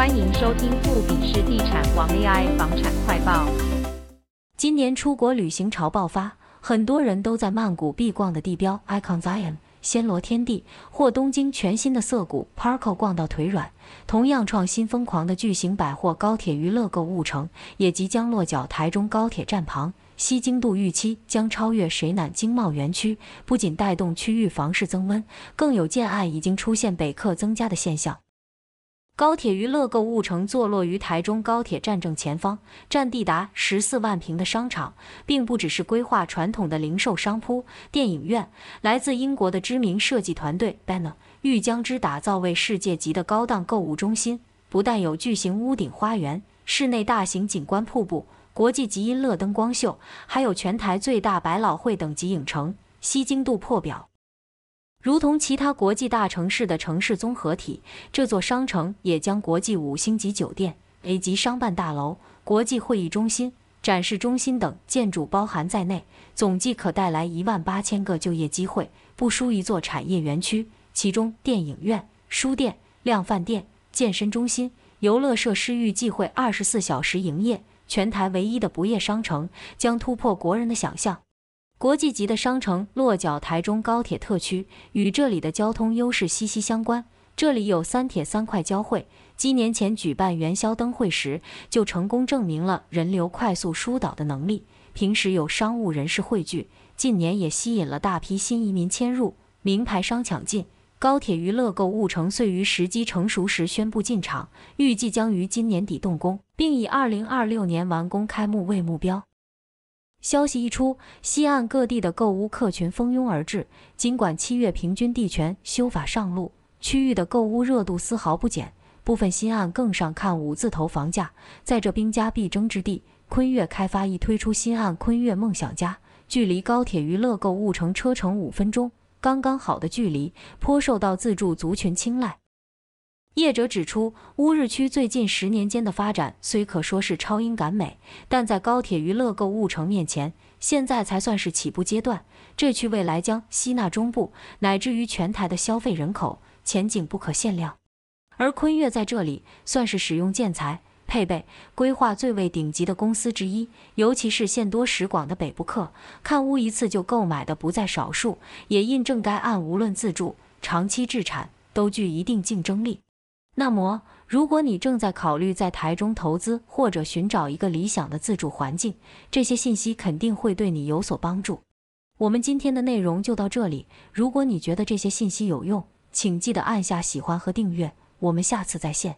歡迎收聽富比士地產王 AI 房產快報。今年出國旅行潮爆發，很多人都在曼谷必逛的地標 ICONSIAM 暹羅天地，或東京全新的澀谷 PARCO 逛到腿軟。同樣創新瘋狂的巨型百貨高鐵娛樂購物城，也即將落腳台中高鐵站旁。吸睛度預期將超越水湳經貿園區，不僅帶動區域房市增溫，更有建案已經出現北客增加的現象。高鐵娛樂購物城坐落於台中高鐵站正前方，占地達十四萬坪的商場，並不只是規劃傳統的零售商鋪、電影院。來自英國的知名設計團隊 Banna 欲將之打造為世界級的高檔購物中心，不但有巨型屋頂花園、室內大型景觀瀑布、國際級音樂燈光秀，還有全台最大百老匯等級影城，吸睛度破表。如同其他國際大城市的城市綜合體，這座商城也將國際五星級酒店、A 級商辦大樓、國際會議中心、展示中心等建築包含在內，總計可帶來一萬八千個就業機會，不輸一座產業園區。其中，電影院、書店、量販店、健身中心、遊樂設施預計會二十四小時營業，全台唯一的不夜商城將突破國人的想象。國際級的商城落腳台中高鐵特區，與這裡的交通優勢息息相關。這裡有三鐵三快交匯，幾年前舉辦元宵燈會時就成功證明了人流快速疏導的能力。平時有商務人士匯聚，近年也吸引了大批新移民遷入，名牌商搶進。高鐵娛樂購物城遂於時機成熟時宣布進場，預計將於今年底動工，並以2026年完工開幕為目標。消息一出，西岸各地的購屋客群蜂擁而至。儘管七月平均地權修法上路，區域的購物熱度絲毫不減。部分新案更上看五字頭房價，在這兵家必爭之地，坤悅開發亦推出新案“坤悅夢想家”，距離高鐵娛樂購物城車程五分鐘，剛剛好的距離，頗受到自住族群青睞。業者指出，烏日區最近十年間的發展雖可說是超英趕美，但在高鐵娛樂購物城面前，現在才算是起步階段。這區未來將吸納中部乃至於全台的消費人口，前景不可限量。而坤悅在這裡算是使用建材、配備、規劃最為頂級的公司之一，尤其是見多識廣的北部客，看屋一次就購買的不在少數，也印證該案無論自住、長期置產，都具一定競爭力。那麼，如果你正在考慮在台中投資或者尋找一個理想的自住環境，這些信息肯定會對你有所幫助。我們今天的內容就到這裡。如果你覺得這些信息有用，請記得按下喜歡和訂閱。我們下次再見。